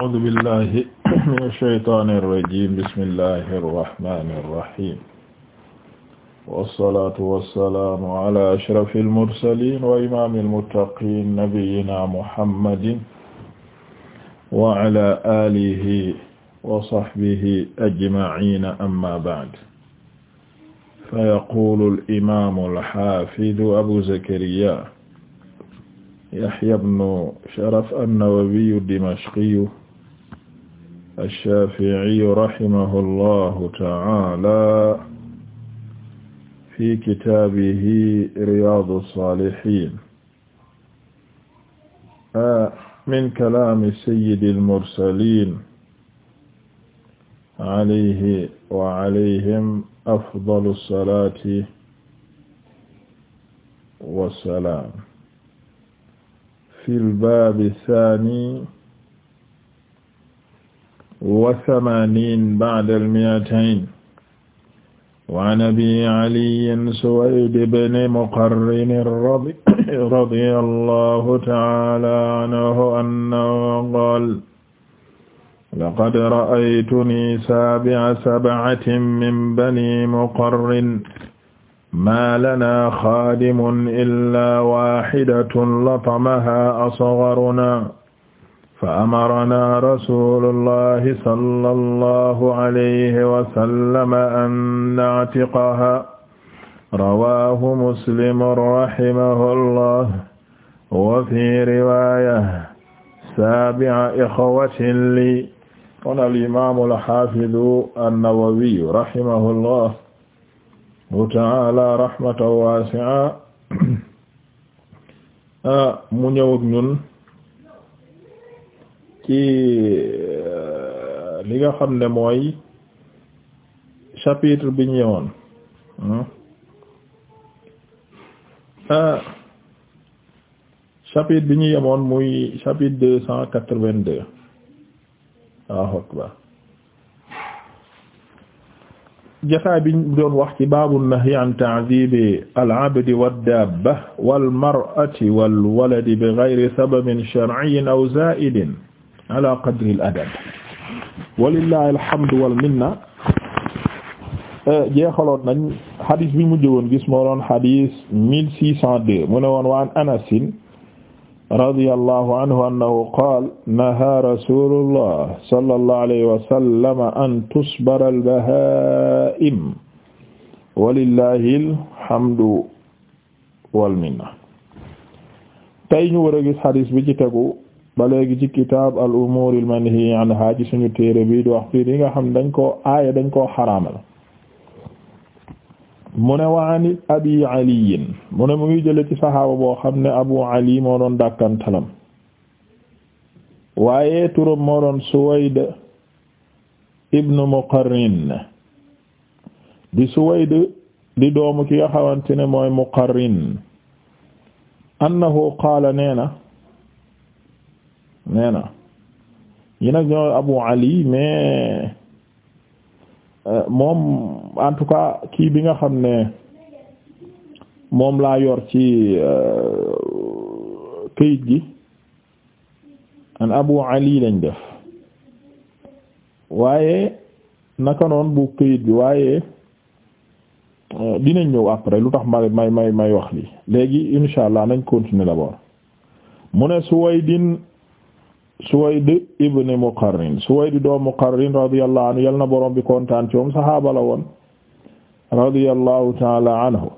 a'uuzu billahi mina shaytaani rajiim bismillahi rahmaani rahiim wassalaatu wassalaamu ala ashrafil mursaliin wa imaamil muttaqiin nabiyyinaa muhammadin wa ala aalihi wa sahbihi ajma'iina amma ba'd fayaquulu al-imaamul haafidu abu zakariyaa yahyaa ibnu sharaf an-nawawiyu ad-dimashqiyu alshafiiyu rahimahu allahu taala fi kitaabihi riyadu salihin min kalaami sayyidi almursalin alayhi wa alayhim afdalu salaati wassalaam fi lbaabi saani wa samaaniin ba'da al-mi'atayn wa 'an Abi 'Aliyyin Suwayd ibn Muqarrin radiyallahu ta'ala anhu annahu qaala laqad ra'aytunii saabi'a sab'atin min banii Muqarrin maa lanaa xaadimun illaa waahidatun latamahaa asgharunaa fa amaranaa rasulullahi sallallahu alayhi wa sallam an na'tiqaha rawaahu muslim rahimahullah wa fi riwaaya saabi'a ixwatin li kon al-imaamu al-xaafidu an-nawawi rahimahullah ta'aala rahmatan waasi'a mu ñëw ak ñun ci euh, li nga xam ne mooy chapitre bi ñëwoon hmm? euh, chapitre bi ñu yemoon muy chapitre deux cent quatre-vingt-deux waaw akbar jafaay bi ñu doon wax ci baabu nahyi an ta'dibi al-'abdi wad-daabba wal-mar'ati wal-waladi bi ghayri sababin shar'iyyin aw zaa'idin ala qadri al adab walillahi alhamdu wal minna eh, jeexaloon nañ xadis bi mujj woon gis moo doon xadis mille six cent deux mu ne woon waan anasin radiyallahu anhu annahu qaal naha rasulullah sallallahu alayhi wa sallam an tusbara al-bahaa'im walillahi alhamdu wal minna tey ñu war a gis xadis bi ci tegu ba léegi ci kitaab al umuur al manhi anhaa ci suñu téere bi di wax fii di nga xam dañ koo aaya dañ koo xaraamal mu ne wa abi aliyin mu ne mu ngi jële ci saxaaba boo xam ne abu ali moo doon dàkkantalam waaye turam moo doon suwayd ibnu muqarrin di suwayd di doomu ki nga mooy muqarrin annahu qaala nee na nee na ñi nag ñooy Abu Ali mais euh, moom en tout cas kii bi nga xam ne moom laa yor ci euh, këyit gi an Abu Ali lañ def waaye naka noon bu këyit bi waaye euh, dinañ ñëw après lu tax ma may may may wax li léegi insha allah nañ continuer d'abord mu ne Suwaydin Suwayd ibn Muqarrin Suwayd doom Muqarrin radiyallahu yal na borom bi kontaan ci moom saxaaba la woon radiyallahu ta'ala anhu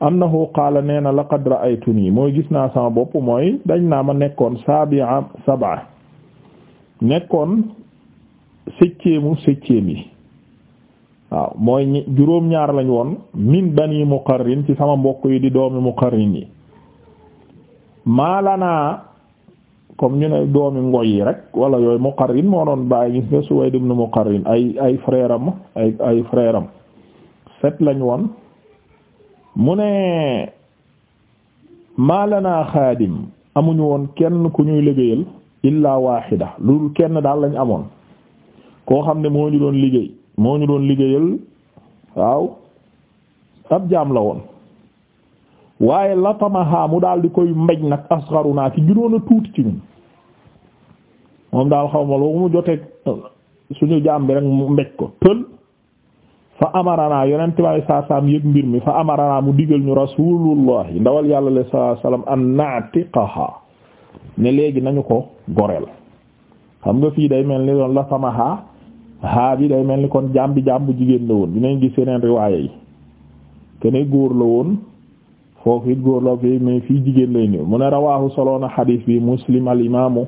annahu qaala nee na laqad ra'aytuni mooy gis naa sama bopp mooy dañ naa ma nekkoon sabi'a sab'a nekkoon septième yi waaw mooy juróom ñaar lañ woon min bani Muqarrin ci sama mbokk yi di doomi Muqarrin yi maalanaa comme ñu ne doomi ngoy yi rek wala yooyu Muqarrin moo doon bàyyi gis nga Suwayd way Muqarrin ay ay frère ay ay frère am lañ woon mu ne maalanaa xaadim amuñu woon kenn ku ñuy liggéeyal illaa waaxida lu kenn daal lañu amoon koo xam ne moo ñu doon liggéey moo ñu doon liggéeyal waaw ab jaam la woon waaye latamaha mu daal di koy mbéj nag asgharuna ki gënoon a tuuti ci moom daal xaw ma lu mu jotee suñu jaam bi rek mu mbéj ko tël fa amarana yonent bi saa saam yëg mbir mi fa amarana mu digal ñu rasulullahi ndawal yàlla la saa salaam an na'tiqaha ne léegi nañu ko goreel xam nga fii day mel ni doon latamaha haa bi day mel ni kon jaam bi jaam bu jigéen la woon dinañ gis yeneen riwaaya yi keneen góor la woon. foofu it góor la fi mais fii jigéen lay ñëw mu ne rawaahu soloona xadis bi muslim al imaamu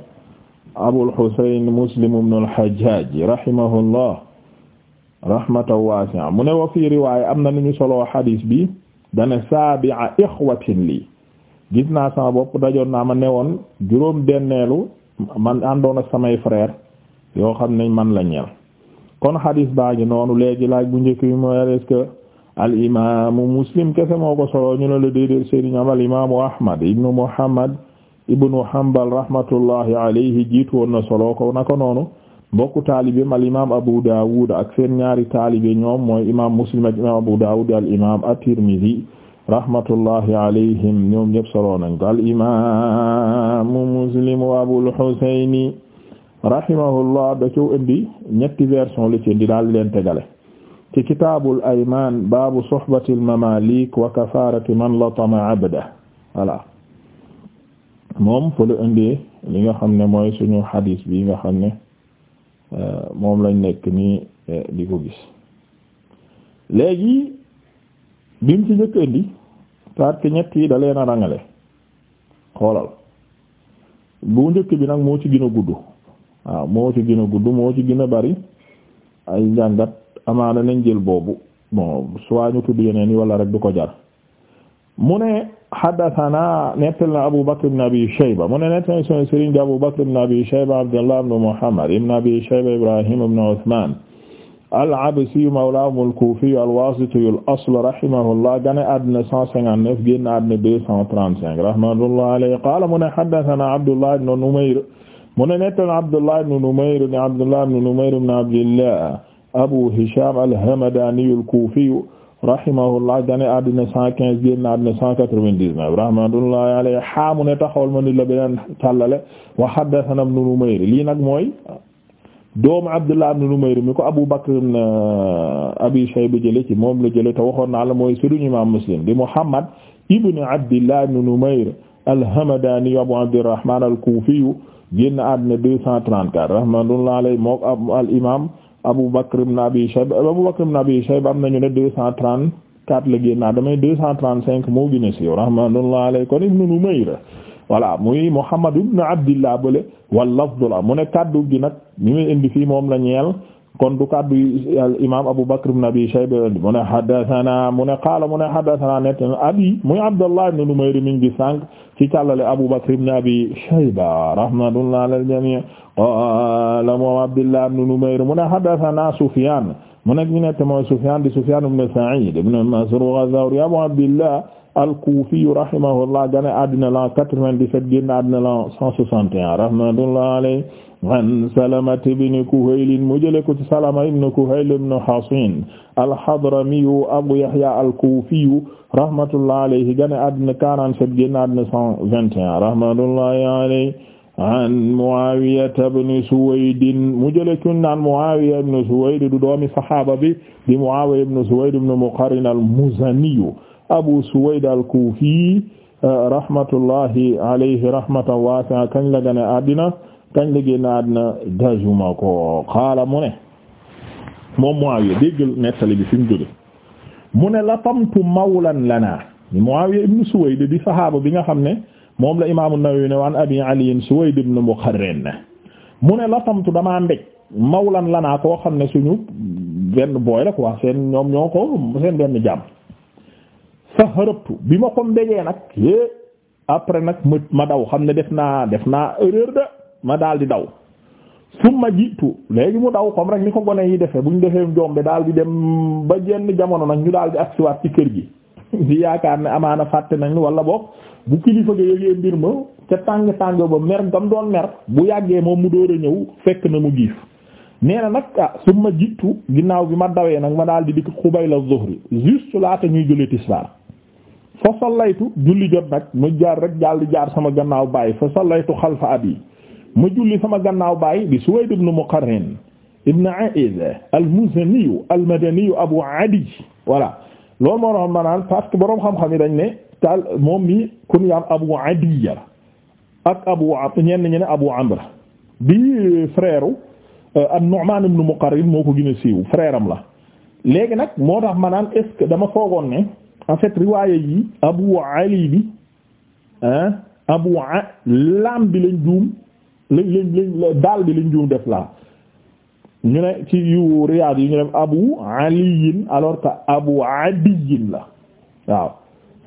abul husayn muslim ibn al hajjaj rahimahullah rahmatan waasi'a mu ne wa fii riwaaya am na nu ñu soloo xadis bi dane saabi'a ixwatin lii gis naa sama bopp dajoon naa ma newoon juróom benneelu man àndoon ak samay frère yoo xam ne man la ñeel kon xadis baa ngi noonu léegi laaj bu njëkk bi mooy est-ce al imaamu muslim kese moo ko solo ñu ne la déedéet sëriñ am al ahmad ibnu muhammad ibnu hanbal rahmatullahi alayhi jiitu woon na solo ko naka noonu mbokku taalibeem al imaam abu daawud ak seen ñaari taalibe ñoom mooy imaam muslim ak abu daawud al imaam at-tirmidhi muslim wa abul rahimahullah da ci indi ñetti version la ci daal leen tegale ci kitaabul aymaan baabu suhbatil mamaalik wa kafaarati man latama abda voilà moom fa la indee li nga xam ne mooy suñu xadiis bi nga xam ne euh, moom lañ nekk nii euh, di ko gis léegi bim ci njëkk indi parce que ñett yi da leen a rangale xoolal bu njëkk bi nag moo ci gën a gudd waaw moo ci gën a gudd moo ci gën a bari ay njàngat amaana nañ jël boobu bon soit ñu tudd yeneen yi wala rek du ko jar mu ne haddathana nettal na Abu Bakr ibn Abi Shayba mu ne nettal na sunu sëriñ di Abu Bakr ibn Abi Shayba Abdullah ibn Muhammad ibn Abi Shayba Ibrahim ibn Uthman al-Absi mawlahum al-Kufi al-Wasiti al-asl rahimahullah gane àddina 159 génn àddina 235 rahmatullahi alayhi qala mu ne haddathana Abdullah ibn Numayr mu ne nettal na Abdullah ibn Numayr ibn Abdullah ibn Numayr ibn Abdillah abu hisham al-hamadani al-kufi rahimahullah gane addina cent quinze génn addina cent quatre-vingt-dix-neuf rahmatullahi alayhi xaamu ne taxawal ma nit la beneen tàllale wa haddathana ibn Numayr lii nag mooy doomu Abdullah ibn Numayr mi ko Abu Bakr ibn uh, Abi Shayba jële ci moom la jële te waxoon naa la mooy sëriñu Imaam Muslim di Muhammad ibn Abdillah ibn Numayr al-Hamadani Abu Abdirrahman al-Kufi génn addina deux cent trente-quatre rahmatullahi alayhi moo al imam Abu Bakr ibn Abi Shayba Abu Bakr ibn Abi am nañu ne deux cent trente quatre la génnaat damay deux cent trente cinq moo gën a siiw rahmatullahi alayhi kon ibn Numayr voilà muy Muhammad ibn Abdillah bële wal lafdu la mu ne kaddu gi nag mi muy indi fii moom la ñeel kon du kaddu al imaam Abu Bakr ibn Abi Shayba mu ne haddathana mu ne qaala mu ne haddathana net abi muy Abdullah ibn Numayr min gi sànq ci càllale Abu Bakr ibn Abi Shayba rahmatullah ala al-jami' qaala mu Abdullah ibn Numayr mu ne haddathana Sufyan mu nekk ñu nett mooy Sufyan di Sufyan ibn Sa'id ibn Masruq az-Zawri Abu Abdillah al-Kufi rahimahullah gane àddina la 97 génn àddina la 161 rahmatullah alayhi an Salamat ibn Kuhayl mu jëlee ko ci Salama ibn Kuhayl ibn Hasin al-Hadramiyu Abu Yahya al-Kufiyu rahmatullahi alayhi gane àddina 47 génn àddina 121 rahmatullahi alayhi an Muawiya ibn Suwayd mu jëlee ci naan Muawiya ibn Suwayd du doomi saxaaba bi di Muawiya ibn Suwayd ibn Muqarrin al-Muzaniyu Abu Suwayd al-Kufi rahmatullahi alayhi rahmatan waasi'a kañ la gane àddina kañ la génn àddina dajuma ko xaala mu ne moom Muawiya déggal nettali bi fi mu mu ne latamtu mawlan lana Muawiya ibn Suwayd di sahaaba bi nga xam ne moom la imaamu Nawawi ne waan abi Ali Suwayd ibn Mukharrin mu ne latamtu damaa mbéj mawlan lanaa koo xam ne suñu benn booy la quoi seen ñoom ñoo ko seen benn jàmm fa hërëbtu bi ma ko mbéjee nag é après nag ma daw xam ne def naa def naa erreur de ma daal di daw summa jiitu léegi mu daw comme rek ni ko gone yi defee bu ñu defee njombe daal di dem ba jenn jamono nag ñu daal di agsiwaat ci kër gi di yaakaar ne amaana fàtte nañ wala boog bu kilifa ga yëgee mbir ma ca tàng tàng ba mer gam doon mer bu yàggee moom mu door a ñëw fekk na mu giif nee na nag ah summa jiitu ginnaaw bi ma dawee nag ma daal di dikk xubayla zuhri juste laata ñuy julli tisbaar fa sallaytu julli jot nag mu jaar rek daal di jaar sama gannaaw bàyyi fa sallaytu xalfa ma julli sama gannaaw baay di Suwayd ibn Muqarrin ibn A'iz al-Muzani al-Madani Abu Adi voilà loolu moo tax ma naan parce boroom xam-xam yi dañ ne taal moom mi kun yaam Abu Adi ak Abu ñenn ñi ne Abu Amr bi frère euh, an-Nu'man ibn Muqarrin moo ko gën siiw frère la léegi nag moo tax ma naan est-ce que dama foogoon ne en fait riwaaya yi Abu Ali bi ah Abu laam bi lañ juum. lañ lañ lañ daal bi lañ juum def laa ñu ne ci yu Riyad yi ñu dem Abu Aliyin alors que Abu Adiyin la waaw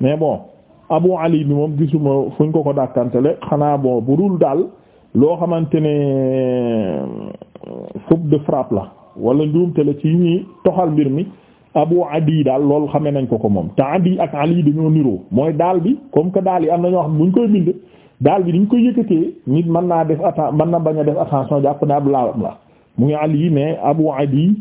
mais bon Abu Ali bi moom gisuma fuñ ko ko dàkkantele xanaa bon bu dul daal loo xamante ne faute de frappe la wala njuumte la ci ñuy toxal mbir mi Abu Adi daal loolu xamee nañ ko ko moom te Adi ak Ali dañoo niroo mooy daal bi comme que daal yi am na xam ne koy bind daal bi ni ñu ko yëkkatee nit mën naa def atten mën na bañ a def attention jàpp ne ab laawam la mu ngi Ali mais Abu Adi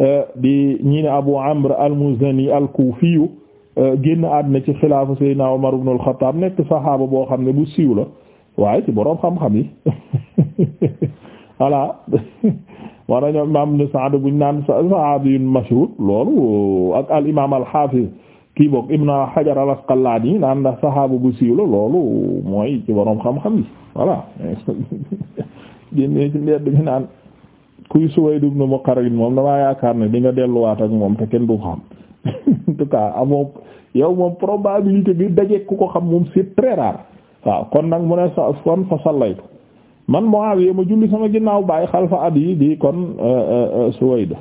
euh, di ñii Abu Amr al-Muzani al-Kufi euh, génn àddina ci xilaafa Seydina Umar ibn al-Khattab nekk saxaaba boo xam ne bu siiw la waaye ci boroom xam-xam yi voilà war nañoo imaam Ibn Sa'd buñ naan saxaabiyun mashhuur loolu ak al imaam al-Haafiz kii boog Ibn Hajar al-Asqalani naan na saxaabu bu siiw la loolu mooy ci borom xam-xam yi voilà génnee ci mbedd mi naan kuy Suwayd ibn Muqarrin moom damaa yaakaar ne di nga delluwaat ak moom te kenn du xam en tout cas yow moom probabilité bi daje ku ko xam moom c'est très rare waaw kon nag mu ne sa kon fa sallaytu man Muawiya ma julli sama ginnaaw bàyyi xalfa abi di kon euh, euh, euh, Suwayd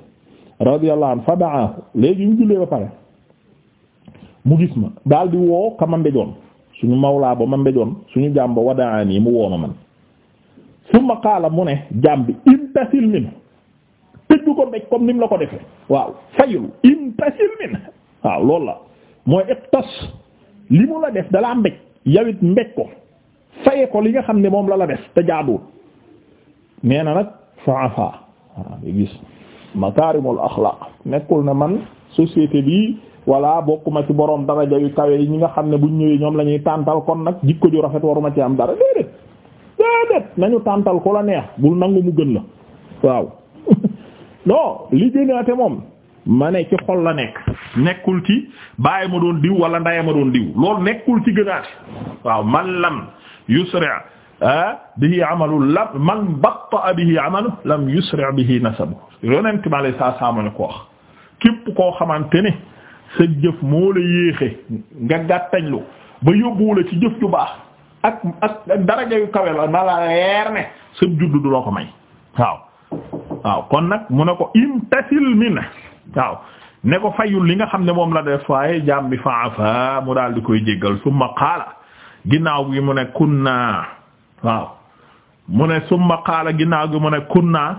radiyallahu anhu fa da'ahu léegi ñu jullee ba pare mu gis ma daal di woo ka ma mbejoon suñu mawlaa ba ma mbejoon suñu jaam ba wadaan mu woo ma man summa qaala mu ne jaam bi intasil min ko mbéj comme ni mu la ko defee waaw fayul intasil waaw loolu la mooy iqtas li mu la def dalaa mbéj yawit mbéj ko faye ko li nga xam ne moom la la def te jaaduwul nee na nag faafa waaw gis makaarimul axlaaq nekkul na man société bi walla bokkuma ci boroom daraja yu kawe yi ñi nga xam ne buñ ñëwee ñoom la ñuy tàntal kon nag jikko ju rafet waruma ci am dara déedéet déedéet nañu tàntal ku la neex bul nangu mu gën la waaw non li gënaate moom ma ne ci xol la nekk nekkul ci bàyyi ma doon diw wala ndaya ma doon diw loolu nekkul ci gënaate waaw man lam yusra bihi amalu lam man batta bihi amalu lam yusra bihi nasabu yonent ma saa saa ma ko wax képp koo xamante ne sa jëf moo la yéexe nga gàttañlu ba yóbbuwu ci jëf ju baax ak ak daraja kawe la na la leer ne sa juddu du la ko may waaw waaw kon nag mu ne ko imtasil min waaw ne ko fayul li nga xam ne moom la def waaye jaam bi faafa mu daal di koy jéggal summa qaala ginnaaw gi mu ne naa waaw mu ne summa qaala ginnaaw gi mu ne naa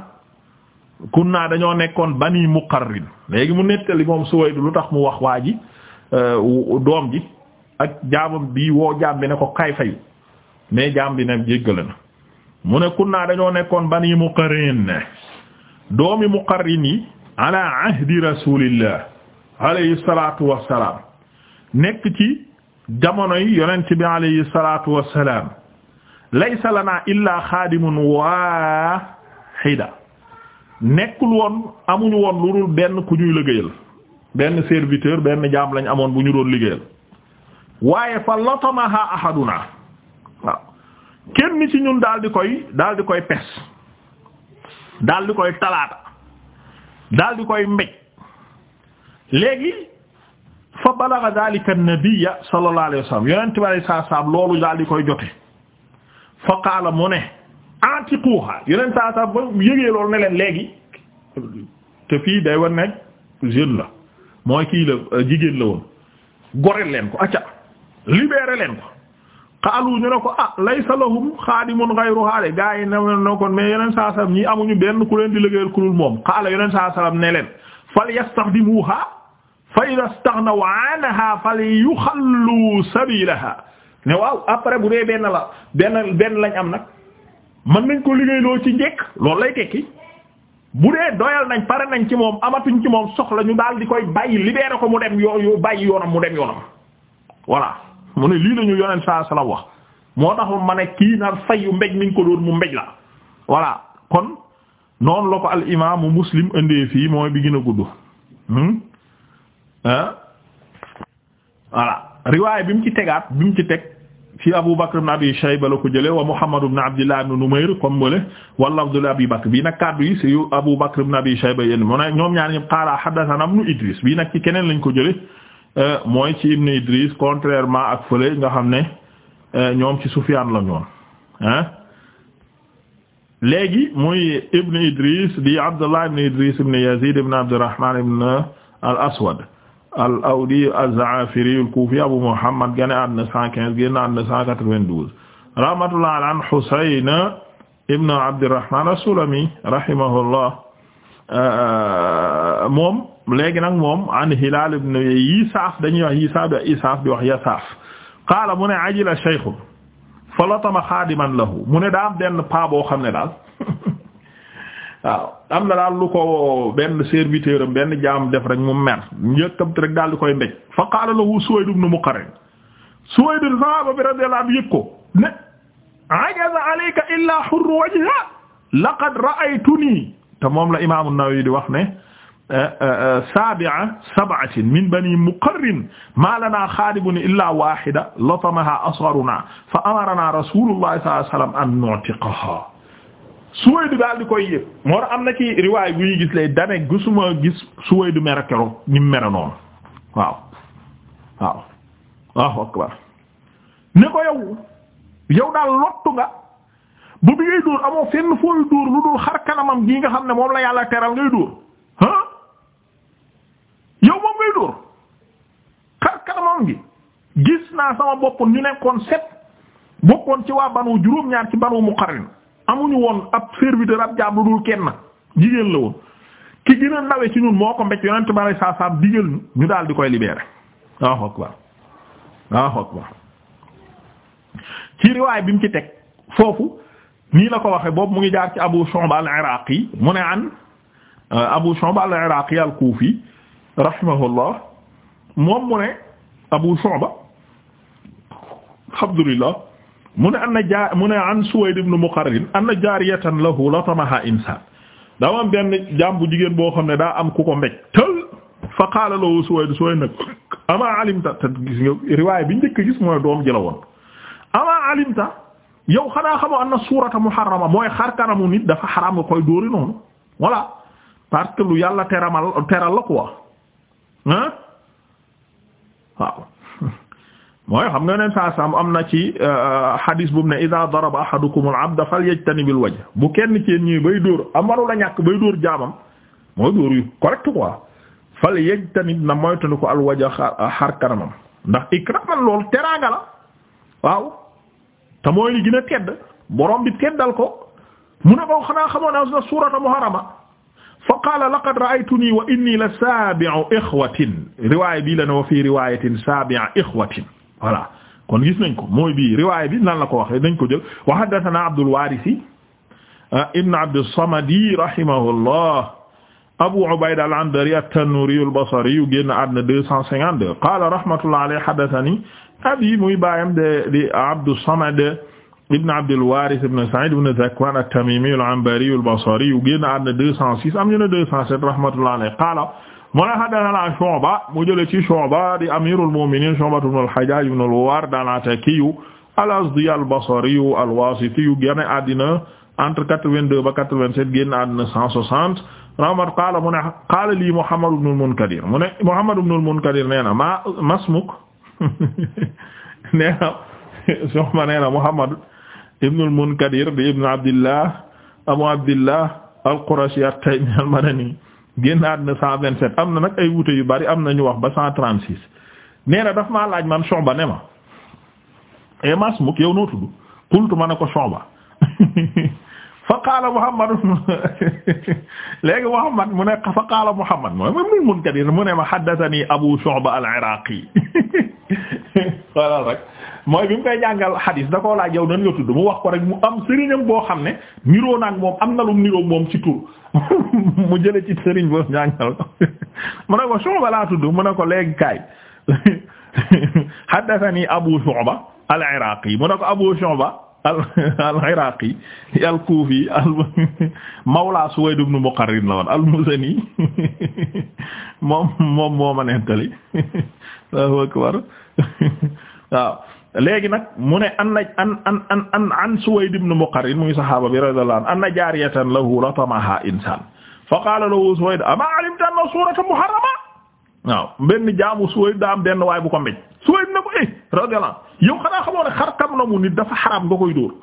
kunna dañoo nekkoon bani muqarrin léegi mu nettali moom Suwayd lu tax mu wax waa ji euh, doom ji ak jaamam bi woo jaam bi ne ko kay fayu mais jaam bi ne jéggale na mu ne kunna dañoo nekkoon bani muqarrin doomi muqarrin yi ala ahdi rasulillah alayhi salatu wassalam nekk ci jamonoy yonent bi alayhi salatu wassalam laysa lana illa xaadimun wahida nekkul woon amuñu woon lu dul benn ku ñuy liggéeyal benn serviteur benn jaam lañ amoon bu ñu doon liggéeyal waaye fa lotamaha ahaduna waaw kenn ci ñun daal di koy daal di koy pes daldi koy talaata daldi koy mbéj léegi fa balagha dhalika an-nabiyya sallallahu alayhi wasallam yonent bi sallallahu alayhi loolu daal di koy jote fa qaala mu ne atiquha yeneen saa sax ba yëgee loolu ne leen léegi te fii day war nekk jeune la mooy kii la jigéen la woon leen ko acca libéré leen ko xaalu ñu ko ah laysa lahum xaadimun ghayruha de gaa yi ne na kon mais yeneen saa salam ñi amuñu benn ku leen di liggéeyal ku dul moom xaala yeneen saa salam ne leen fal yastaxdimuha fa ida staxnaw anha fal yuxallu sabilaha ne waaw après bu dee benn la benn benn lañ am nag mën nañ ko liggéeyloo ci njekk loolu lay tekki bu dee doyal nañ pare nañ ci moom amatuñ ci moom soxla ñu daal di koy bàyyi libéré ko mu dem yoo yoo yoonam mu dem yoonam voilà mu ne lii la ñu saa sala wax moo tax ma ne kii naan fayu mbéj niñ ko doon mu mbéj la voilà kon noonu la ko al imaamu muslim indee fii mooy bi gën a gudd ah voilà riwaay bi mu ci tegaat bi mu ci teg ci Abu Bakr ibn Abi Shayba la ko jëlee wa Muhammad ibn Abdillah ibn Numayr comme mole wala Abdullah Abi Bakr bii nag kaddu yi ci Abu Bakr ibn Abi Shayba yéen mu ne ñoom ñaar ñëpp qaala haddathana ibn Idris bii nag ci keneen lañ ko jëlee euh, mooy ci ibn Idris contrairement ak fële nga xam ne euh, ñoom ci Sufyaan la ñoon ah léegi muy ibn Idris di Abdullah ibn Idris ibn Yazid ibn Abdurrahman ibn al-Aswad al awdi az-Zaafiri al-Kuufi Abu Muhammad gane àddina 115 génn àddina 192 rahmatullah ala an Husayn ibn Abdirrahman as-Sulami rahimahullah euh, moom léegi nag moom an Hilaal ibn Yisaaf dañuy wax Yisaaf bi Isaaf bi wax Yasaaf qaala mu ne ajila shaykhu fa latama xaadiman lahu mu ne daa am benn paa boo xam ne daal waaw am na daal lu ko benn serviteur am benn jaam def rek mu mer njëkkamti rek daal di koy mbéj fa qaala lahu Suwayd ibn Muqarrin Suwayd sahaba bi radiyallahu anhu yëg ko ne ajaza alayka illaa hurru wajha laqad ra'aytuni te moom la imaamu Nawawi di wax ne eh, eh, eh, sabi'a sab'atin min bani Muqarrin ma lana xaalibun illaa waahida latamaha asgharuna fa amarna rasulullah sallallahu alayhi wa sallam an nu'tiqaha Suwayd daal di koy yëg moo tax am na ci riwaay bu ñuy gis lay dane gisuma gis Suwayd mer keroog ni mu mere noonu waaw waaw waaw akbar ne ko yow yow daal lottu nga bu bi ngay dóor amoo fenn fooy dóor lu dul xar kanamam gi nga xam ne moom la yàlla teral ngay dóor ah yow moom ngay dóor xar kanamam gi gis naa sama bopp ñu nekkoon set bokkoon ci waa banu juróom-ñaar ci banu Muqarrin amuñu woon ab serviteur ab jaam lu dul kenn jigéen la woon ki gën a nawe ci ñun moo ko mbécc yonent ba saa saa digal ñu ñu daal di koy libérer waaw akbar waaw akbar ci riwaay bi mu ci teg foofu nii la ko waxee boobu mu ngi jaar ci Abu Shu'ba al-Iraqi mu ne an euh, Abu Shu'ba al-Iraqi al-Kufi rahimahullah moom mu ne Abu Shu'ba alhamdulillah mu ne an na jaa mu ne an Suwayd ibn Muqarrin na jaariyatan lahu latamaha insaan daa benn jaam jigéen boo xam ne daa am ku ko mbéj tël fa qaala lahu Suwayd Suwayd nag amaa alimta te bi njëkk gis mooy doom ji la woon amaa alimta yow xanaa xamoo anna suurata muharrama mooy nit dafa xaraam nga koy dóori noonu voilà parce yàlla teral la quoi ah mooy xam nga ne saa am na ci hadis euh, euh, bu mu ne iza daraba ahadukum al-abda falyajtanibil wajh bu kenn ci ñi bay dóor am waru la ñàkk bay dóor jaamam mooy dóor yu correct quoi falyajtanib na moytanu ko al-wajh euh, xar kanamam ndax ikraman loolu teraanga la waaw te mooy li gën a tedd borom bi teddal ko mu ne ko xanaa xamoon naa na suurata muharrama fa qaala laqad ra'aytuni wa inni la saabi'u ikhwatin riwaaya bii la wa fii riwaayatin saabi'a ikhwatin voilà kon gis nañ ko mooy bii riwaay bi nan la ko waxee nañ ko jël wa haddathana Abdul Warisi ah, ibn Abdus Samadi rahimahullah Abu Ubayda al-Anbari at-Tanuri al-Basri yu génn àdduna deux cent cinquante-deux qaala rahmatullah alayhi haddathani abi muy baayam de di Abdus Samad ibn Abdul Waris ibn Sa'id ibn Zakwan at-Tamimi al-Anbari al-Basri yu génn àdduna deux cent six am ñu ne deux cent sept rahmatullah alayhi qaala mu ne haddathana Shu'ba mu jële ci Shu'ba di amirul mu'minin Shu'ba ibn al-Hajjaj ibn al-Warr al-Atakiyu al-Azdi al-Basriyu al-Wasitiyu génn àddina entre 82 ba 87 génn àddina 160 rahmat qaala mu ne qaala lii Muhammad ibn al-Munkadir mu ne Muhammad ibn al-Munkadir nee na ma masmuk nee na Shu'ba nee na Muhammad ibn al-Munkadir di ibn Abdillah Abu Abdillah al-Qurashi at-Taymi al-Madani génnaat na cent vingt am na nag ay wute yu bari am na ñu wax ba cent trente six nee na daf maa laaj man Shu'ba ne ma e eh, Masmuk yow noo tudd ma ne ko Shu'ba fa qaala Muhammad léegi Muhammad mu ne fa qaala Muhammad mooy moom Munkadir mu ne ma haddathani Abu Shu'ba al-Iraqi xoolal rek mooy bi mu koy jàngal xadis da koo laaj nan nga tudd mu wax ko rek mu am sëriñam boo xam ne niroo naag moom am na lu niroo moom ci tur mu jële ci sëriñ boo jàngal ko mu ne ko Shu'ba laa tudd mu ne ko léegi kaay haddathani Abu Shu'ba al-Iraqi mu ne ko Abu Shu'ba al-Iraqi al-Kufi mawla Suwayd ibn Muqarrin la woon al moom moom moo ma nettali Allahu akbar waaw léegi nag mu ne an na an an an an an Suwayd ibn Muqarrin muy saxaaba bi radiyallahu anhu anna jaariyatan lahu latamaha insaan fa qaala lahu Suwayd ama alimta anna suuratan muharrama waaw benn jaamu Suwayd daa am benn waay bu ko mbéj Suwayd na ko eh radiyallahu yow xanaa xamoo ne xar kam na mu nit dafa xaraam nga koy dóor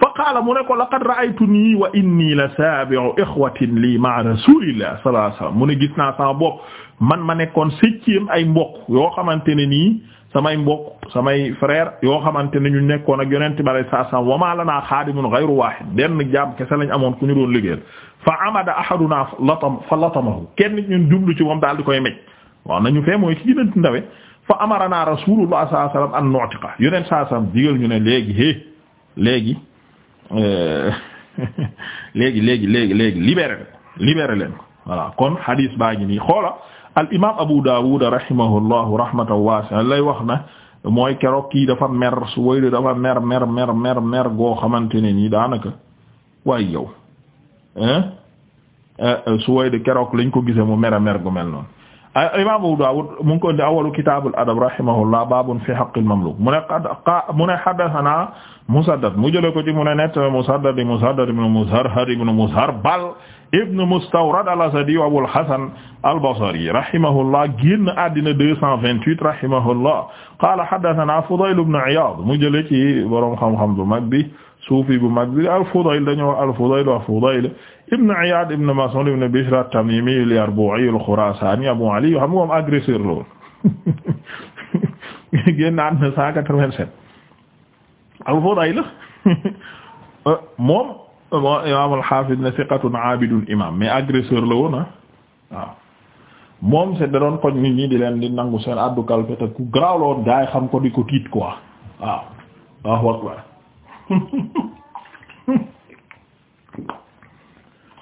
fa qaala mu ne ko laqad ra'aytunii wa innii la saabi'u ixwatin lii ma'a rasuulillah sallallahu alayhi wa sallam mu ne gis naa sama bopp man ma nekkoon septième ay mbokk yoo xamante ne nii samay mbokk samay frère yoo xamante ne ñu nekkoon ak yonent bi alayhi wa ma lana xaadimun ghayru waahid benn jaam kese lañ amoon ku ñu doon liggéeyal fa amada ahaduna latam fa latamahu kenn ñun jublu ci moom daal di koy mecc waaw nañu fee mooy ki gënanti ndawe fa amarana rasulullah sallallahu alayhi wasallam an yonent sallallahu digal ñu ne léegi hé léegi euh, léegi léegi léegi léegi libéré libéré leen kon hadis baa ngi nii xoola al imam Abu Dawud rahimahullahu rahmatan wasi'a lay wax na mooy keroog kii dafa mer su waylu dafa mer mer mer mer mer goo xamante ne nii daanaka waaye yow eh, su waylu keroog lañ ko gisee mu mer mer gu mel noonu imam Abu Dawud mu ngi ko indi awalu kitaabul adab rahimahullah babun fi haqqil mamluk mu ne a mu ne haddathana Musaddad mu jële ko ci mu ne nett Musaddad Musaddad ibn Musarhad ibn Musarbal ibn Mustawrad al-Asadi wa Abul Hasan al-Basri rahimahullah génn àddina 228 rahimahullah qaala haddathana Fudayl ibn Iyad mu jëlee ci borom xam-xam bu mag bi suufi bu mag bi al-Fudayl dañu wax al-Fudayl wa Fudayl ibn Iyad ibn Mas'ud ibn Bishr at-Tamimi al-Yarbu'i al-Khurasani Abu Ali xam nga moom agresseur la woon génn àddina 187 al-Fudayl euh, moom bon imaam al-Hafiz ne siqatun abidun imam mais agresseur la woon ah waaw moom c'est da doon koñ nit ñi di leen di nangu seen addu kalfe ku garaaw la xam ko di ko tiit quoi waaw waaw wax wa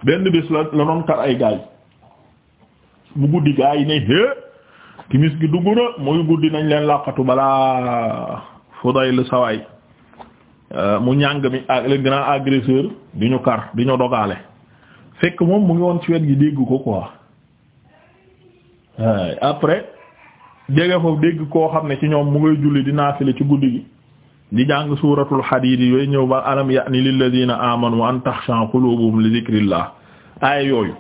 benn bés la la doon kar ay gaay mu guddi gaay yi ne timis gi dugg na muy guddi nañ leen làqatu balaa Fudayl sawaay Euh, mu ñàng mi a le grand agresseur di ñu kar di ñu dogaale fekk moom mu ngi woon ci wet gi dégg ko quoi après jege foofu dégg koo xam ne ci ñoom mu ngay julli di naafile ci guddi gi di jàng suuratul hadiid yooyu ñëw ba alam ya'ni lilladiina aamanu an taxsha quluubuhum li dhikrillah ay yooyu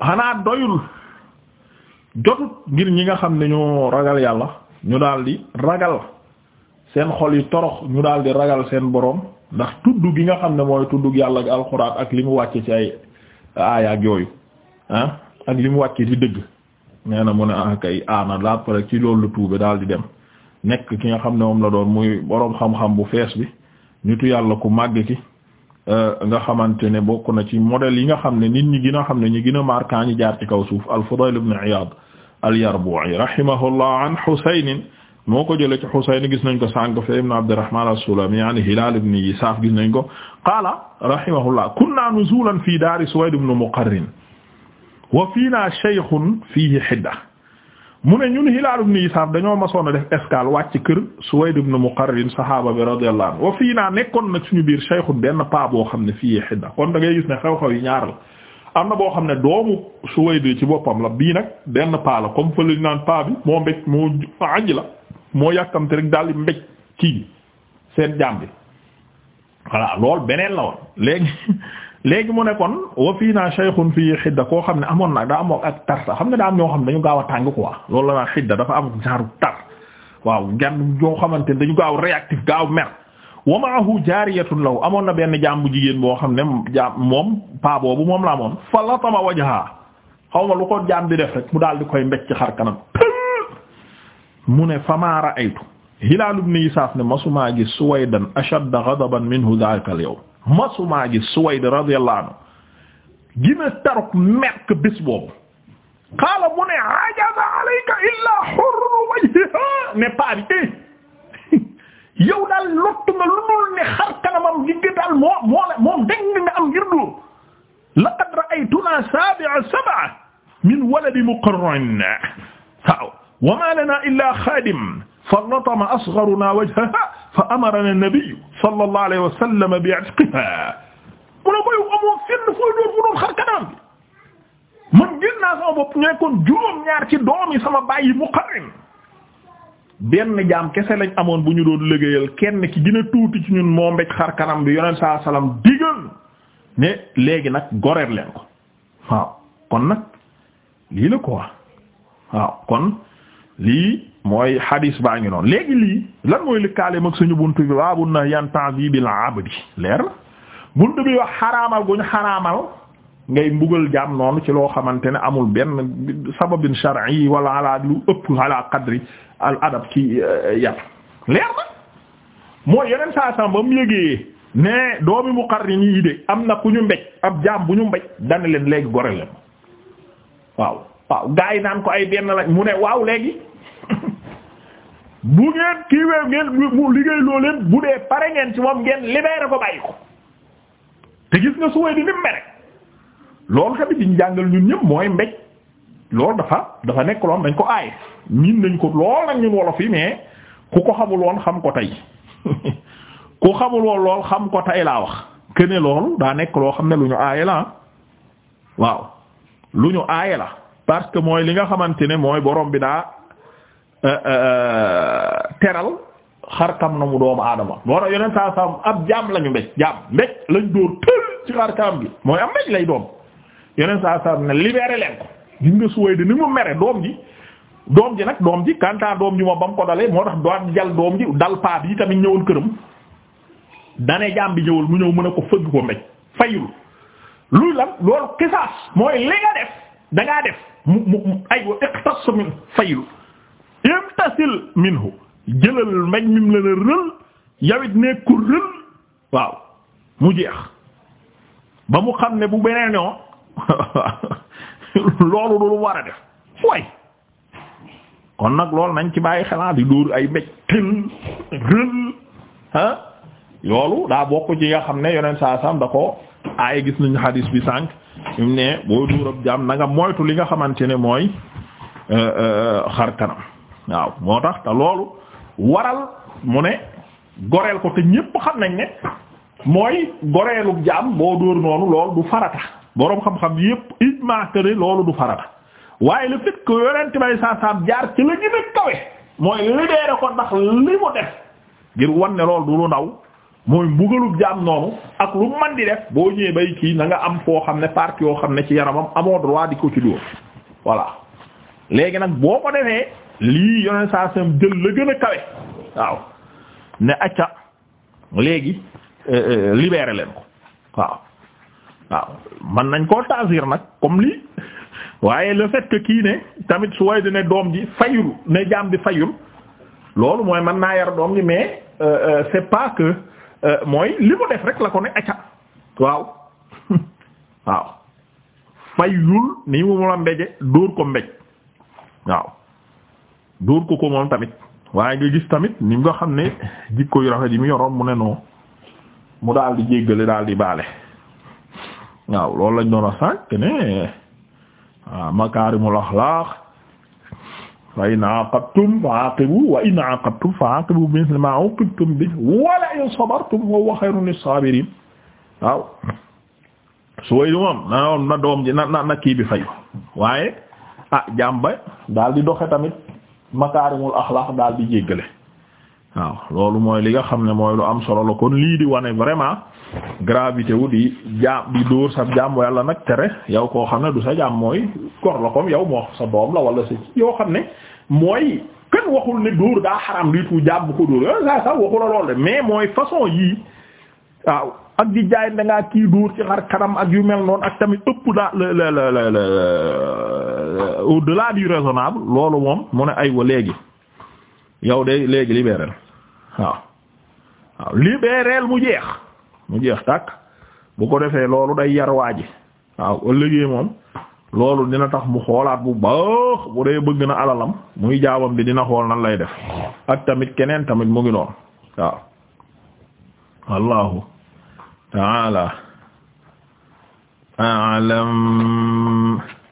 xanaa doyul jotut ngir ñi nga xam ne ñoo ragal yàlla ñu daldi ragal seen xol yi torox ñu daal di ragal seen boroom ndax tudd gi nga xam ne mooy tudd yàlla ak alxuraan ak li mu wàcce ci ay aaya ak yooyu ah ak li mu wàcce di dëgg nee na mu ne ah kay aana ah, daa pare ci loolu la tuube daal di dem nekk ki nga xam ne moom la doon muy boroom xam-xam bu fees bi nitu yàlla ku màgg ki euh, nga xamante ne bokk na ci modèle yi nga xam ne nit ñi gën a xam ne ñi gën a marquant ñi jaar ci kaw suuf al-Fudayl ibn Iyad al-Yarbu'i rahimahullah an Husayn moo ko jëlee ci Husayn gis nañ ko sànq fi ibn Abdurrahman as-Sulami an Hilal ibn Yisaf gis nañ ko qaala rahimahullah kunna nuzulan fi daari Suwayd ibn Muqarrin wa fiina shaykhun fiihi hidda mu ne ñun Hilal ibn Yisaf dañoo masoon de def escale wàcc kër Suwayd ibn Muqarrin sahaaba bi radiyallahu anhu wa fiina nekkoon nag suñu biir shaykhun benn paa boo xam ne fiihi hidda kon da ngay gis ne xew-xew yi ñaar la am na boo xam ne doomu Suwayd ci boppam la bii nag benn paa la comme moo mbéj la. moo yàkkamte rek daal di mbéj kii seen jaam bi voilà loolu beneen la woon léegi léegi mu nekkoon kon wa fii naa shaykhun fii xidda koo xam ne amoon na daa amoo ak tar sax xam ne daa am ñoo xam ne dañu gaaw a tàng quoi loolu la naa xidda dafa am genre tar waaw gan ñoo xamante ne dañu gaaw réactif gaaw mer wa maahu jaariyatun law amoon na benn jaam bu jigéen boo xam ne jaam moom paa boobu moom la amoon fa latama xaw ma lu ko jaam di def rek mu daal di koy mbéj xar kanam mu ne famaa ra'aytu Hilaal ibn Isaaf ne masumaa gis Suwaydan ashadda ghadaban minhu dhaalika al-yawm masumaa gis Suwayd radiyallahu anhu gina taruk merk bés boobu qaala mu ne ajaza alayka illaa hurru wajhiha ne paa bi eh, yow daal lottu nga lu dul ne xar kanamam gi daal moo moo la moom dégg nga am ngir du laqad ra'aytunaa saabi'a sab'a min waladi muqarrin waaw wa ma lana illa xaadim fa latama asgaruna wajhaha fa amarana an sallallahu alayhi wa sallam bi'atqiha mu ne mooy amoo fenn fooy doon fu doon xar bi man gën sama bopp nekkoon juróom-ñaar ci doomi sama baay yi Muqarrin benn jaam kese lañ amoon bu ñu doon liggéeyal kenn ki gën a tuuti ci ñun moo mbéj xar kanam bi yonent saa salaam digal ne léegi nag goreer leen ko waaw kon nag lii la quoi waaw kon. lii mooy hadis baa ngi noonu léegi lii lan mooy lëkkaale mag suñu bunt bi waabu na yan ta'zibil abdi leer na buntu bi wax xaraamal guñ xaraamal ngay mbugal jaam noonu ci loo xamante ne amul benn sababin shar'i wala ala lu ëpp ala qadri al adab ci euh, yat leer na mooy yeneen saa sam ba mu yëgee ne doomi muqarrin yi de am na ku ñu mbéj ab jaam bu ñu mbéj dana leen léegi gore leen waaw waaw gars yi naan ko ay benn lañ mu ne waaw léegi bu ngeen kiiwee ngeen mu liggéey loo bu dee pare ngeen ci moom ngeen libéré ko bàyyi ko te gis nga suway di nim mere loolu tamit diñ jàngal ñun ñëpp mooy mbéj loolu dafa dafa nekk loon dañ ko aay ñin nañ ko lool nag ñun wolof yi mais ku ko xamul woon xam ko tey ku xamul woon lool xam ko tey laa wax kene loolu daa nekk loo xam ne lu ñu aaye la waaw lu ñu aaye la parce que mooy li nga xamante ne mooy borom bi daa euh, euh, euh, teral xar kam na mu doomu aadama moo tax yeneen saa saa ab jàmm lañu mbéj jàmm mbéj lañ dóor tël ci xar kam bi mooy am mbéj lay doom yeneen saa saa ne libéré leen ko gis suway di ni mu mere doom ji doom ji nag doom ji kantaa doom ji ba mu ko dalee moo tax doon jal doom ji dal paa bi tamit ñëwul këram danee jaam bi ñëwul mu ñëw mën a ko fëgg ko mbéj fayul luy lan loolu kisaas mooy li nga def da ngaa def mu mu aywa iqtas min faylu imtasil minhu jëlal maj mim na rël yawit nekku rël waaw mu jeex ba mu xam ne bu beneen yoon loolu du lu war way kon nag loolu nañ ci bàyyi xelaa ah, di dóor ay mbéj xil rël ah loolu daa bokk ci nga xam ne yoneen saa sam da ko aaye gis nañu hadis bi sànq im ne boo duurab jaam na moytu li nga xamante ne mooy euh, euh, xar kanam waaw moo tax te loolu waral mu ne goreel ko te ñépp xam nañ ne mooy goreelu jaam boo dóor noonu loolu du farata boroom xam-xam yépp ijmaa tëre loolu du farata waaye le fait que yonent bay saa sam jaar ci la gën a kawe mooy libéré ko ndax li mu def ngir wan ne lool du lu ndaw mooy mbugalub jaam noonu ak lu man di def boo ñëwee bay kii na nga am foo xam ne partie yoo xam ne ci yaramam amoo droit di ko ci dóor voilà léegi nag boo ko defee lii yoneen saa sam jël la gën a kawe waaw ne acca léegi euh, euh, libéré leen ko waaw waaw man nañ koo tasir nag comme lii waaye le fait que kii ne tamit su way di ne doom ji fayul ne jaam bi fayul loolu mooy man naa yar doom ji mais euh, c'est pas que Euh, mooy li mu def rek la ko ne acca waaw waaw fayul ni mu mën a mbeje dóor ko mbej waaw dóor ko ko moom tamit waaye nga gis tamit ni nga xam ne jikko yu rafet yi mu yoroon mu ne noo mu daal di jéggale daal di baale waaw loolu lañ doon a sànk ne waaw ah, makaarimul axlaaq fa in aqabtum fa aqibu wa in aqabtum fa aqibu bi wala in sabartum wa huwa khayrun lis-sabirin waaw suway du moom na doom ji na na na kii bi fay waaye ah jàmba daal di doxe tamit makaarimul axlaaq daal di jéggale waaw loolu mooy li nga xam ne mooy lu am solo la kon lii di wane vraiment gravité wu di jaam di dóor sa jaam yàlla nag tere yow koo xam ne du sa jaam mooy kor la comme yow moo sa doom la wala sa yoo xam ne mooy waxul ne dóor daa xaram du tout mais mooy façon yii waaw ak di jaay da kii dóor ci xar kanam ak yu mel noonu ak tamit ëpp daa au delà du raisonnable loolu moom mu ne aywa léegi yow de léegi libéral waaw waaw libéral mu jeex mu jeex tàkk bu ko defee loolu day yar waa ji waaw moom loolu dina tax mu xoolaat bu baax bu dee bëgg na alalam muy jaabam bi dina xool nan lay def ak tamit keneen tamit mu ngi noonu waaw wallahu ta'ala a'lam